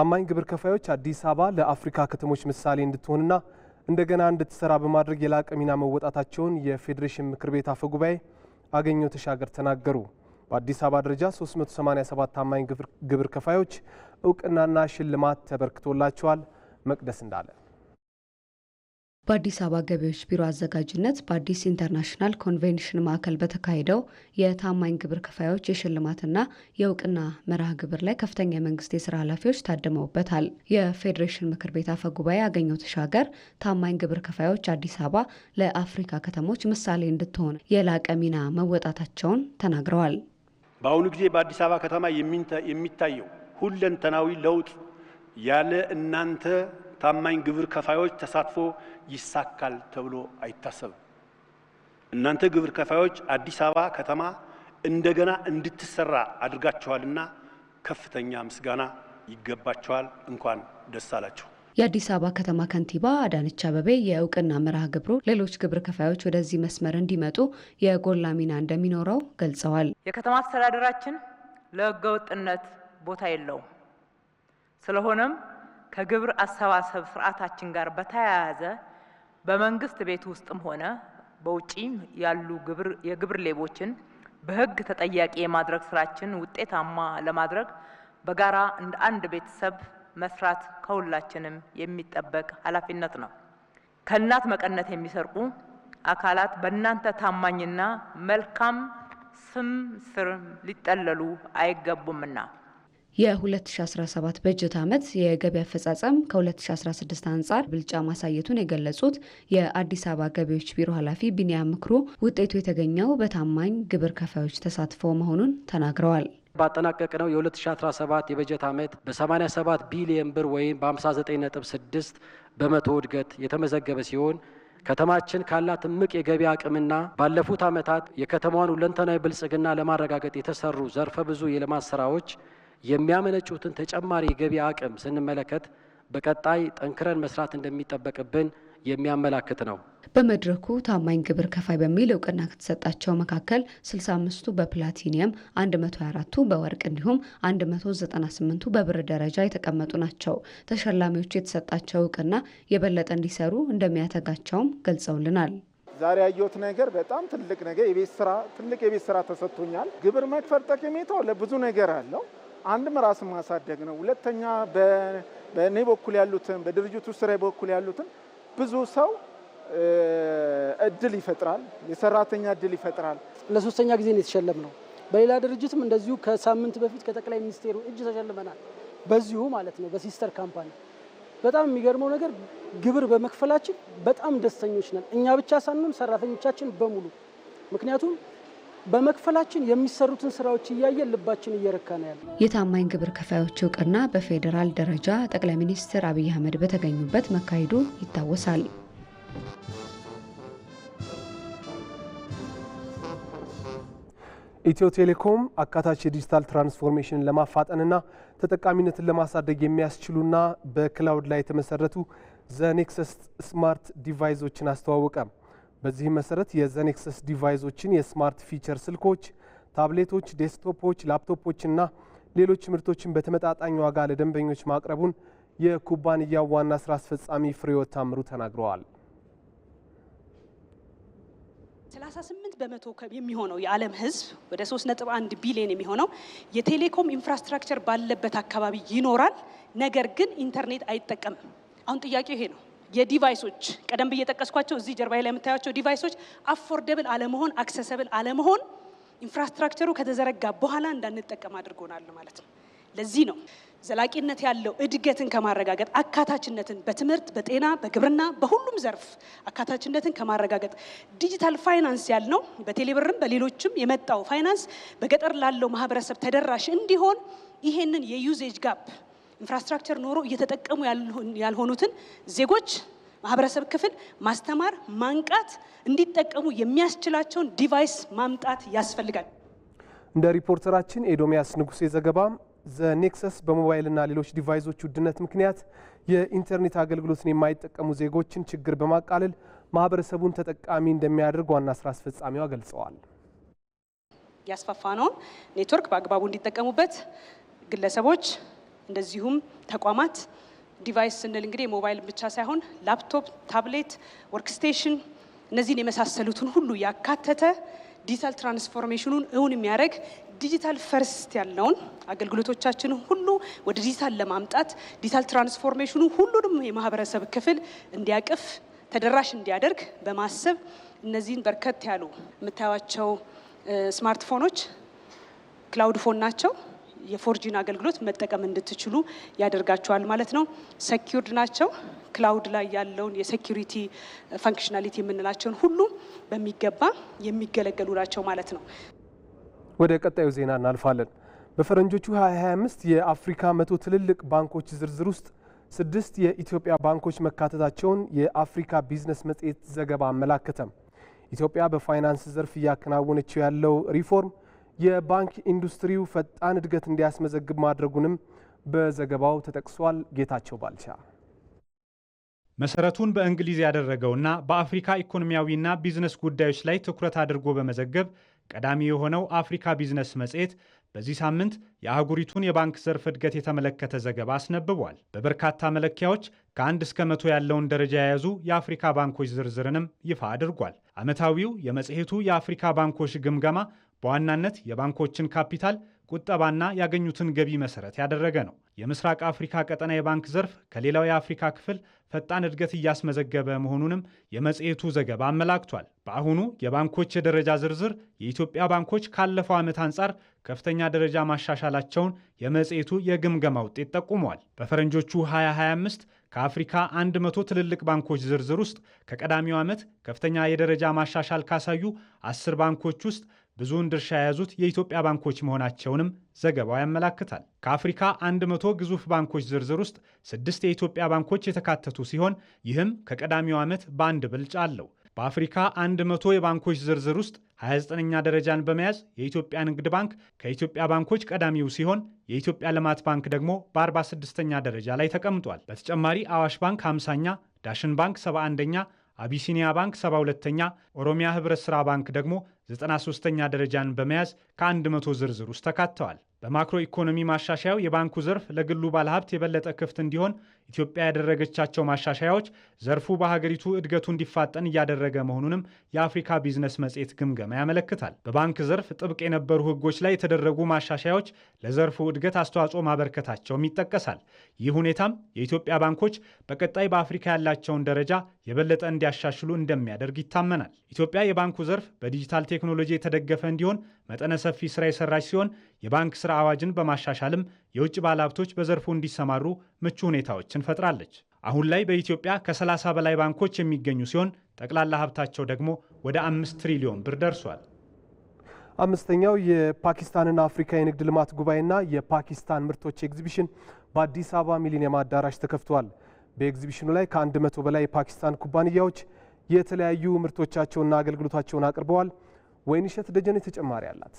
ታማኝ ግብር ከፋዮች አዲስ አበባ ለአፍሪካ ከተሞች ምሳሌ እንድትሆንና እንደገና እንድትሰራ በማድረግ የላቀ ሚና መወጣታቸውን የፌዴሬሽን ምክር ቤት አፈ ጉባኤ አገኘሁ ተሻገር ተናገሩ። በአዲስ አበባ ደረጃ 387 ታማኝ ግብር ከፋዮች እውቅናና ሽልማት ተበርክቶላቸዋል። መቅደስ እንዳለ በአዲስ አበባ ገቢዎች ቢሮ አዘጋጅነት በአዲስ ኢንተርናሽናል ኮንቬንሽን ማዕከል በተካሄደው የታማኝ ግብር ከፋዮች የሽልማትና የእውቅና መርሃ ግብር ላይ ከፍተኛ የመንግስት የስራ ኃላፊዎች ታድመውበታል። የፌዴሬሽን ምክር ቤት አፈ ጉባኤ ያገኘው ተሻገር ታማኝ ግብር ከፋዮች አዲስ አበባ ለአፍሪካ ከተሞች ምሳሌ እንድትሆን የላቀ ሚና መወጣታቸውን ተናግረዋል። በአሁኑ ጊዜ በአዲስ አበባ ከተማ የሚታየው ሁለንተናዊ ለውጥ ያለ እናንተ ታማኝ ግብር ከፋዮች ተሳትፎ ይሳካል ተብሎ አይታሰብም። እናንተ ግብር ከፋዮች አዲስ አበባ ከተማ እንደገና እንድትሰራ አድርጋችኋልና ከፍተኛ ምስጋና ይገባችኋል። እንኳን ደስ አላችሁ። የአዲስ አበባ ከተማ ከንቲባ አዳነች አበቤ የእውቅና መርሃ ግብሩ ሌሎች ግብር ከፋዮች ወደዚህ መስመር እንዲመጡ የጎላ ሚና እንደሚኖረው ገልጸዋል። የከተማ አስተዳደራችን ለህገወጥነት ቦታ የለውም። ስለሆነም ከግብር አሰባሰብ ስርዓታችን ጋር በተያያዘ በመንግስት ቤት ውስጥም ሆነ በውጪ ያሉ የግብር ሌቦችን በህግ ተጠያቂ የማድረግ ስራችን ውጤታማ ለማድረግ በጋራ እንደ አንድ ቤተሰብ መስራት ከሁላችንም የሚጠበቅ ኃላፊነት ነው። ከእናት መቀነት የሚሰርቁ አካላት በእናንተ ታማኝና መልካም ስም ስር ሊጠለሉ አይገቡምና የ2017 በጀት ዓመት የገቢ አፈጻጸም ከ2016 አንጻር ብልጫ ማሳየቱን የገለጹት የአዲስ አበባ ገቢዎች ቢሮ ኃላፊ ቢኒያም ምክሩ ውጤቱ የተገኘው በታማኝ ግብር ከፋዮች ተሳትፎ መሆኑን ተናግረዋል። ነው የ2017 የበጀት ዓመት በ87 ቢሊየን ብር ወይም በ59.6 በመቶ እድገት የተመዘገበ ሲሆን ከተማችን ካላት እምቅ የገቢ አቅምና ባለፉት ዓመታት የከተማዋን ሁለንተናዊ ብልጽግና ለማረጋገጥ የተሰሩ ዘርፈ ብዙ የልማት ስራዎች የሚያመነጩትን ተጨማሪ የገቢ አቅም ስንመለከት በቀጣይ ጠንክረን መስራት እንደሚጠበቅብን የሚያመላክት ነው። በመድረኩ ታማኝ ግብር ከፋይ በሚል እውቅና ከተሰጣቸው መካከል 65ቱ በፕላቲኒየም፣ 124ቱ በወርቅ እንዲሁም 198ቱ በብር ደረጃ የተቀመጡ ናቸው። ተሸላሚዎቹ የተሰጣቸው እውቅና የበለጠ እንዲሰሩ እንደሚያተጋቸውም ገልጸውልናል። ዛሬ ያየሁት ነገር በጣም ትልቅ ነገር የቤት ስራ ትልቅ የቤት ስራ ተሰጥቶኛል። ግብር መክፈል ጠቀሜታው ለብዙ ነገር አለው አንድም ራስ ማሳደግ ነው። ሁለተኛ በእኔ በኩል ያሉትን በድርጅቱ ስራ በኩል ያሉትን ብዙ ሰው እድል ይፈጥራል፣ የሰራተኛ እድል ይፈጥራል። ለሶስተኛ ጊዜ ነው የተሸለም ነው። በሌላ ድርጅትም እንደዚሁ ከሳምንት በፊት ከጠቅላይ ሚኒስቴሩ እጅ ተሸልመናል። በዚሁ ማለት ነው በሲስተር ካምፓኒ። በጣም የሚገርመው ነገር ግብር በመክፈላችን በጣም ደስተኞች ነን፣ እኛ ብቻ ሳንሆን ሰራተኞቻችን በሙሉ ምክንያቱም በመክፈላችን የሚሰሩትን ስራዎች እያየን ልባችን እየረካ ነው ያለ። የታማኝ ግብር ከፋዮች እውቅና በፌዴራል ደረጃ ጠቅላይ ሚኒስትር አብይ አህመድ በተገኙበት መካሄዱ ይታወሳል። ኢትዮ ቴሌኮም አካታች የዲጂታል ትራንስፎርሜሽን ለማፋጠንና ተጠቃሚነትን ለማሳደግ የሚያስችሉና በክላውድ ላይ የተመሰረቱ ዘኔክሰስ ስማርት ዲቫይሶችን አስተዋወቀም። በዚህ መሰረት የዘኔክሰስ ዲቫይሶችን የስማርት ፊቸር ስልኮች፣ ታብሌቶች፣ ዴስክቶፖች፣ ላፕቶፖችና ሌሎች ምርቶችን በተመጣጣኝ ዋጋ ለደንበኞች ማቅረቡን የኩባንያው ዋና ስራ አስፈጻሚ ፍሬሕይወት ታምሩ ተናግረዋል። 38 በመቶ የሚሆነው የዓለም ሕዝብ ወደ 3.1 ቢሊዮን የሚሆነው የቴሌኮም ኢንፍራስትራክቸር ባለበት አካባቢ ይኖራል። ነገር ግን ኢንተርኔት አይጠቀምም። አሁን ጥያቄው ይሄ ነው። የዲቫይሶች ቀደም ብዬ የጠቀስኳቸው እዚህ ጀርባ ላይ የምታያቸው ዲቫይሶች አፎርደብል አለመሆን፣ አክሰሰብል አለመሆን ኢንፍራስትራክቸሩ ከተዘረጋ በኋላ እንዳንጠቀም አድርጎናል ማለት ነው። ለዚህ ነው ዘላቂነት ያለው እድገትን ከማረጋገጥ አካታችነትን በትምህርት፣ በጤና፣ በግብርና በሁሉም ዘርፍ አካታችነትን ከማረጋገጥ ዲጂታል ፋይናንስ ያልነው በቴሌብርም በሌሎችም የመጣው ፋይናንስ በገጠር ላለው ማህበረሰብ ተደራሽ እንዲሆን ይሄንን የዩዜጅ ጋፕ ኢንፍራስትራክቸር ኖሮ እየተጠቀሙ ያልሆኑትን ዜጎች ማህበረሰብ ክፍል ማስተማር፣ ማንቃት እንዲጠቀሙ የሚያስችላቸውን ዲቫይስ ማምጣት ያስፈልጋል። እንደ ሪፖርተራችን ኤዶሚያስ ንጉሴ ዘገባ ኔክሰስ በሞባይልና ሌሎች ዲቫይሶች ውድነት ምክንያት የኢንተርኔት አገልግሎትን የማይጠቀሙ ዜጎችን ችግር በማቃለል ማህበረሰቡን ተጠቃሚ እንደሚያደርግ ዋና ስራ አስፈጻሚዋ ገልጸዋል። ነውን ኔትወርክ በአግባቡ እንዲጠቀሙበት ግለሰቦች እንደዚሁም ተቋማት ዲቫይስ ስንል እንግዲህ የሞባይል ብቻ ሳይሆን ላፕቶፕ፣ ታብሌት፣ ወርክስቴሽን እነዚህን የመሳሰሉትን ሁሉ ያካተተ ዲጂታል ትራንስፎርሜሽኑን እውን የሚያደርግ ዲጂታል ፈርስት ያለውን አገልግሎቶቻችን ሁሉ ወደ ዲጂታል ለማምጣት ዲጂታል ትራንስፎርሜሽኑ ሁሉንም የማህበረሰብ ክፍል እንዲያቅፍ ተደራሽ እንዲያደርግ በማሰብ እነዚህን በርከት ያሉ የምታዩቸው ስማርትፎኖች ክላውድ ፎን ናቸው። የፎርጂን አገልግሎት መጠቀም እንድትችሉ ያደርጋቸዋል ማለት ነው። ሰኪርድ ናቸው። ክላውድ ላይ ያለውን የሴኪሪቲ ፈንክሽናሊቲ የምንላቸውን ሁሉ በሚገባ የሚገለገሉ ናቸው ማለት ነው። ወደ ቀጣዩ ዜና እናልፋለን። በፈረንጆቹ 2025 የአፍሪካ መቶ ትልልቅ ባንኮች ዝርዝር ውስጥ ስድስት የኢትዮጵያ ባንኮች መካተታቸውን የአፍሪካ ቢዝነስ መጽሔት ዘገባ አመላከተም። ኢትዮጵያ በፋይናንስ ዘርፍ እያከናወነችው ያለው ሪፎርም የባንክ ኢንዱስትሪው ፈጣን እድገት እንዲያስመዘግብ ማድረጉንም በዘገባው ተጠቅሷል። ጌታቸው ባልቻ መሰረቱን በእንግሊዝ ያደረገውና በአፍሪካ ኢኮኖሚያዊና ቢዝነስ ጉዳዮች ላይ ትኩረት አድርጎ በመዘገብ ቀዳሚ የሆነው አፍሪካ ቢዝነስ መጽሔት በዚህ ሳምንት የአህጉሪቱን የባንክ ዘርፍ እድገት የተመለከተ ዘገባ አስነብቧል። በበርካታ መለኪያዎች ከአንድ እስከ መቶ ያለውን ደረጃ የያዙ የአፍሪካ ባንኮች ዝርዝርንም ይፋ አድርጓል። ዓመታዊው የመጽሔቱ የአፍሪካ ባንኮች ግምገማ በዋናነት የባንኮችን ካፒታል ቁጠባና ያገኙትን ገቢ መሰረት ያደረገ ነው። የምስራቅ አፍሪካ ቀጠና የባንክ ዘርፍ ከሌላው የአፍሪካ ክፍል ፈጣን እድገት እያስመዘገበ መሆኑንም የመጽሔቱ ዘገባ አመላክቷል። በአሁኑ የባንኮች የደረጃ ዝርዝር የኢትዮጵያ ባንኮች ካለፈው ዓመት አንጻር ከፍተኛ ደረጃ ማሻሻላቸውን የመጽሔቱ የግምገማ ውጤት ጠቁመዋል። በፈረንጆቹ 2025 ከአፍሪካ 100 ትልልቅ ባንኮች ዝርዝር ውስጥ ከቀዳሚው ዓመት ከፍተኛ የደረጃ ማሻሻል ካሳዩ 10 ባንኮች ውስጥ ብዙውን ድርሻ የያዙት የኢትዮጵያ ባንኮች መሆናቸውንም ዘገባው ያመላክታል። ከአፍሪካ 100 ግዙፍ ባንኮች ዝርዝር ውስጥ ስድስት የኢትዮጵያ ባንኮች የተካተቱ ሲሆን ይህም ከቀዳሚው ዓመት በአንድ ብልጫ አለው። በአፍሪካ 100 የባንኮች ዝርዝር ውስጥ 29ኛ ደረጃን በመያዝ የኢትዮጵያ ንግድ ባንክ ከኢትዮጵያ ባንኮች ቀዳሚው ሲሆን የኢትዮጵያ ልማት ባንክ ደግሞ በ46ኛ ደረጃ ላይ ተቀምጧል። በተጨማሪ አዋሽ ባንክ 50ኛ፣ ዳሽን ባንክ 71ኛ፣ አቢሲኒያ ባንክ 72ኛ፣ ኦሮሚያ ህብረት ሥራ ባንክ ደግሞ 93ኛ ደረጃን በመያዝ ከ100 ዝርዝር ውስጥ ተካተዋል። በማክሮ ኢኮኖሚ ማሻሻያው የባንኩ ዘርፍ ለግሉ ባለሀብት የበለጠ ክፍት እንዲሆን ኢትዮጵያ ያደረገቻቸው ማሻሻያዎች ዘርፉ በሀገሪቱ እድገቱ እንዲፋጠን እያደረገ መሆኑንም የአፍሪካ ቢዝነስ መጽሔት ግምገማ ያመለክታል። በባንክ ዘርፍ ጥብቅ የነበሩ ሕጎች ላይ የተደረጉ ማሻሻያዎች ለዘርፉ እድገት አስተዋጽኦ ማበርከታቸውም ይጠቀሳል። ይህ ሁኔታም የኢትዮጵያ ባንኮች በቀጣይ በአፍሪካ ያላቸውን ደረጃ የበለጠ እንዲያሻሽሉ እንደሚያደርግ ይታመናል። ኢትዮጵያ የባንኩ ዘርፍ በዲጂታል ቴክኖሎጂ የተደገፈ እንዲሆን መጠነ ሰፊ ስራ የሰራች ሲሆን የባንክ ስራ አዋጅን በማሻሻልም የውጭ ባለሀብቶች በዘርፉ እንዲሰማሩ ምቹ ሁኔታዎችን ፈጥራለች። አሁን ላይ በኢትዮጵያ ከ30 በላይ ባንኮች የሚገኙ ሲሆን ጠቅላላ ሀብታቸው ደግሞ ወደ አምስት ትሪሊዮን ብር ደርሷል። አምስተኛው የፓኪስታንና አፍሪካ የንግድ ልማት ጉባኤና የፓኪስታን ምርቶች ኤግዚቢሽን በአዲስ አበባ ሚሊኒየም አዳራሽ ተከፍተዋል። በኤግዚቢሽኑ ላይ ከ መቶ በላይ የፓኪስታን ኩባንያዎች የተለያዩ ምርቶቻቸውና አገልግሎታቸውን አቅርበዋል። ወይንሸት ደጀኔ ተጨማሪ አላት።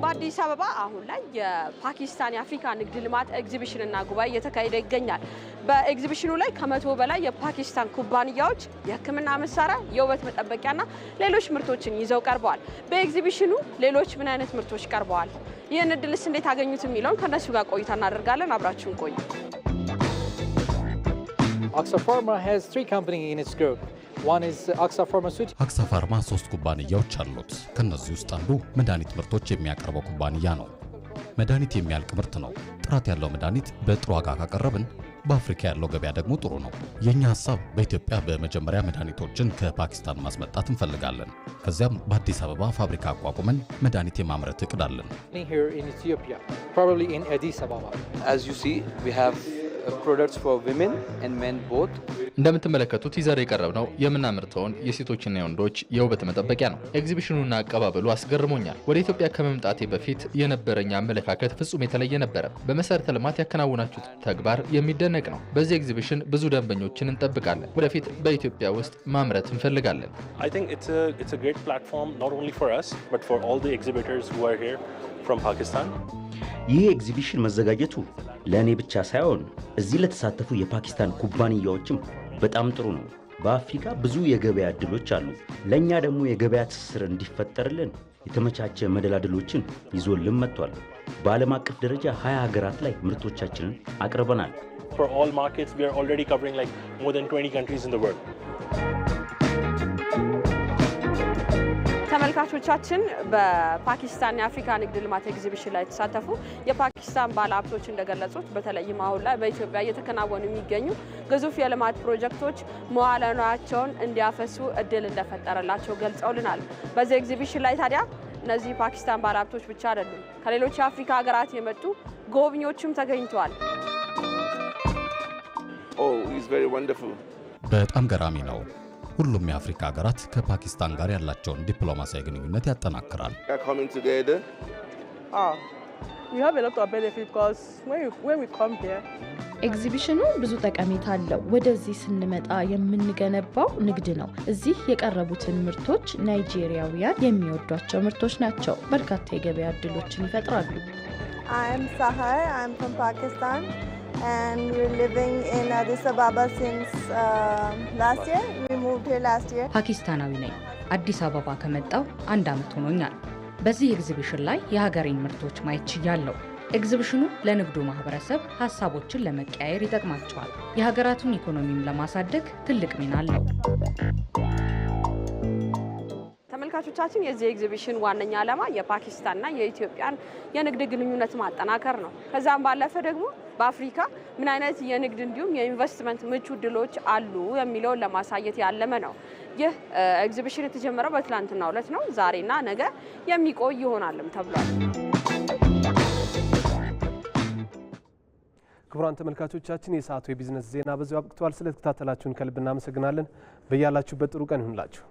በአዲስ አበባ አሁን ላይ የፓኪስታን የአፍሪካ ንግድ ልማት ኤግዚቢሽንና ጉባኤ እየተካሄደ ይገኛል። በኤግዚቢሽኑ ላይ ከመቶ በላይ የፓኪስታን ኩባንያዎች የሕክምና መሳሪያ፣ የውበት መጠበቂያና ሌሎች ምርቶችን ይዘው ቀርበዋል። በኤግዚቢሽኑ ሌሎች ምን አይነት ምርቶች ቀርበዋል? ይህን እድልስ እንዴት አገኙት? የሚለውን ከእነሱ ጋር ቆይታ እናደርጋለን። አብራችሁን ቆዩ። Oxo Pharma አክሳ ፋርማ ሶስት ኩባንያዎች አሉት። ከእነዚህ ውስጥ አንዱ መድኃኒት ምርቶች የሚያቀርበው ኩባንያ ነው። መድኃኒት የሚያልቅ ምርት ነው። ጥራት ያለው መድኃኒት በጥሩ ዋጋ ካቀረብን በአፍሪካ ያለው ገበያ ደግሞ ጥሩ ነው። የእኛ ሀሳብ በኢትዮጵያ በመጀመሪያ መድኃኒቶችን ከፓኪስታን ማስመጣት እንፈልጋለን። ከዚያም በአዲስ አበባ ፋብሪካ አቋቁመን መድኃኒት የማምረት እቅድ አለን። as እንደምትመለከቱት ይዘር የቀረብ ነው የምናምርተውን የሴቶችና የወንዶች የውበት መጠበቂያ ነው። ኤግዚቢሽኑና አቀባበሉ አስገርሞኛል። ወደ ኢትዮጵያ ከመምጣቴ በፊት የነበረኝ አመለካከት ፍጹም የተለየ ነበረ። በመሰረተ ልማት ያከናውናችሁት ተግባር የሚደነቅ ነው። በዚህ ኤግዚቢሽን ብዙ ደንበኞችን እንጠብቃለን። ወደፊት በኢትዮጵያ ውስጥ ማምረት እንፈልጋለን። ይህ ኤግዚቢሽን መዘጋጀቱ ለእኔ ብቻ ሳይሆን እዚህ ለተሳተፉ የፓኪስታን ኩባንያዎችም በጣም ጥሩ ነው። በአፍሪካ ብዙ የገበያ እድሎች አሉ። ለእኛ ደግሞ የገበያ ትስስር እንዲፈጠርልን የተመቻቸ መደላድሎችን ይዞልን መጥቷል። በዓለም አቀፍ ደረጃ ሀያ ሀገራት ላይ ምርቶቻችንን አቅርበናል። ተመልካቾቻችን በፓኪስታን የአፍሪካ ንግድ ልማት ኤግዚቢሽን ላይ የተሳተፉ የፓኪስታን ባለሀብቶች እንደገለጹት በተለይም አሁን ላይ በኢትዮጵያ እየተከናወኑ የሚገኙ ግዙፍ የልማት ፕሮጀክቶች መዋለ ንዋያቸውን እንዲያፈሱ እድል እንደፈጠረላቸው ገልጸውልናል። በዚህ ኤግዚቢሽን ላይ ታዲያ እነዚህ ፓኪስታን ባለሀብቶች ብቻ አይደሉም፣ ከሌሎች የአፍሪካ ሀገራት የመጡ ጎብኚዎችም ተገኝተዋል። oh, በጣም ገራሚ ነው። ሁሉም የአፍሪካ ሀገራት ከፓኪስታን ጋር ያላቸውን ዲፕሎማሲያዊ ግንኙነት ያጠናክራል። ah, ኤግዚቢሽኑ ብዙ ጠቀሜታ አለው። ወደዚህ ስንመጣ የምንገነባው ንግድ ነው። እዚህ የቀረቡትን ምርቶች ናይጄሪያውያን የሚወዷቸው ምርቶች ናቸው። በርካታ የገበያ እድሎችን ይፈጥራሉ። and we're living in Addis Ababa since uh, last year. We moved here last year. ፓኪስታናዊ ነኝ። አዲስ አበባ ከመጣው አንድ ዓመት ሆኖኛል። በዚህ ኤግዚቢሽን ላይ የሀገሬን ምርቶች ማየት ችያለሁ። ኤግዚቢሽኑ ለንግዱ ማህበረሰብ ሀሳቦችን ለመቀያየር ይጠቅማቸዋል። የሀገራቱን ኢኮኖሚም ለማሳደግ ትልቅ ሚና አለው። ተመልካቾቻችን የዚህ ኤግዚቢሽን ዋነኛ ዓላማ የፓኪስታንና የኢትዮጵያን የንግድ ግንኙነት ማጠናከር ነው። ከዛም ባለፈ ደግሞ በአፍሪካ ምን አይነት የንግድ እንዲሁም የኢንቨስትመንት ምቹ እድሎች አሉ የሚለውን ለማሳየት ያለመ ነው። ይህ ኤግዚቢሽን የተጀመረው በትላንትና ዕለት ነው። ዛሬና ነገ የሚቆይ ይሆናልም ተብሏል። ክቡራን ተመልካቾቻችን የሰዓቱ የቢዝነስ ዜና በዚሁ አብቅተዋል። ስለተከታተላችሁን ከልብ እናመሰግናለን። በያላችሁበት ጥሩ ቀን ይሁንላችሁ።